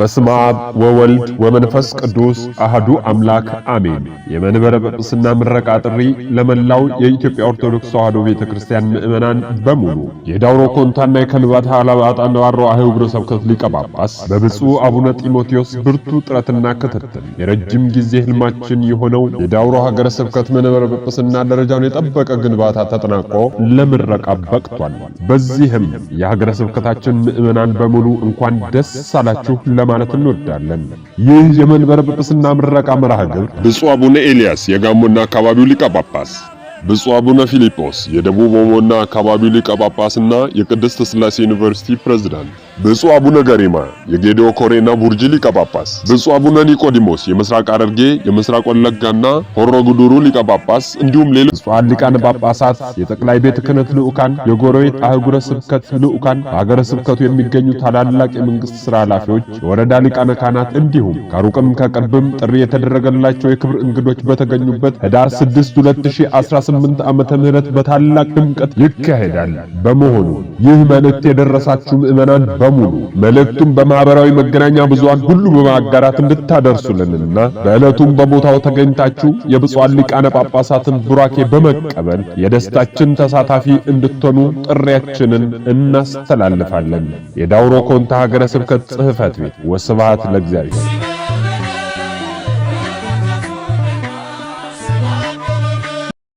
በስመ አብ ወወልድ ወመንፈስ ቅዱስ አህዱ አምላክ አሜን። የመንበረ ጵጵስና ምረቃ ጥሪ ለመላው የኢትዮጵያ ኦርቶዶክስ ተዋሕዶ ቤተክርስቲያን ምዕመናን በሙሉ የዳውሮ ኮንታና የከልባት አላባጣ ነዋሮ አህው ብረ ስብከት ሊቀ ጳጳስ በብፁዕ አቡነ ጢሞቴዎስ ብርቱ ጥረትና ክትትል የረጅም ጊዜ ህልማችን የሆነው የዳውሮ ሀገረ ስብከት መንበረ ጵጵስና ደረጃውን የጠበቀ ግንባታ ተጠናቆ ለምረቃ በቅቷል። በዚህም የሀገረ ስብከታችን ምዕመናን በሙሉ እንኳን ደስ አላችሁ ለማለት እንወዳለን። ይህ የመንበረ ጵጵስና ምረቃ መርሃ ግብር ብፁዕ አቡነ ኤልያስ የጋሞና አካባቢው ሊቀ ጳጳስ፣ ብፁዕ አቡነ ፊልጶስ የደቡብ ኦሞና አካባቢው ሊቀ ጳጳስና የቅድስት ሥላሴ ዩኒቨርሲቲ ፕሬዝዳንት ብፁዕ አቡነ ገሪማ የጌዴኦ ኮሬና ቡርጂ ሊቀ ጳጳስ፣ ብፁዕ አቡነ ኒቆዲሞስ የምስራቅ ሐረርጌ የምስራቅ ወለጋና ሆሮ ጉዱሩ ሊቀ ጳጳስ እንዲሁም ሌሎች ብፁዓን ሊቃነ ጳጳሳት፣ የጠቅላይ ቤተ ክህነት ልዑካን፣ የጎረቤት አህጉረ ስብከት ልዑካን፣ በሀገረ ስብከቱ የሚገኙ ታላላቅ የመንግስት ስራ ኃላፊዎች፣ የወረዳ ሊቃነ ካህናት እንዲሁም ከሩቅም ከቅርብም ጥሪ የተደረገላቸው የክብር እንግዶች በተገኙበት ህዳር 6 2018 ዓመተ ምህረት በታላቅ ድምቀት ይካሄዳል። በመሆኑ ይህ መልእክት የደረሳችሁ ምእመናን በሙሉ መልእክቱን በማህበራዊ መገናኛ ብዙሃን ሁሉ በማጋራት እንድታደርሱልንና በዕለቱም በቦታው ተገኝታችሁ የብፁዓን ሊቃነ ጳጳሳትን ቡራኬ በመቀበል የደስታችን ተሳታፊ እንድትሆኑ ጥሪያችንን እናስተላልፋለን። የዳውሮ ኮንታ ሀገረ ስብከት ጽሕፈት ቤት። ወስብሐት ለእግዚአብሔር።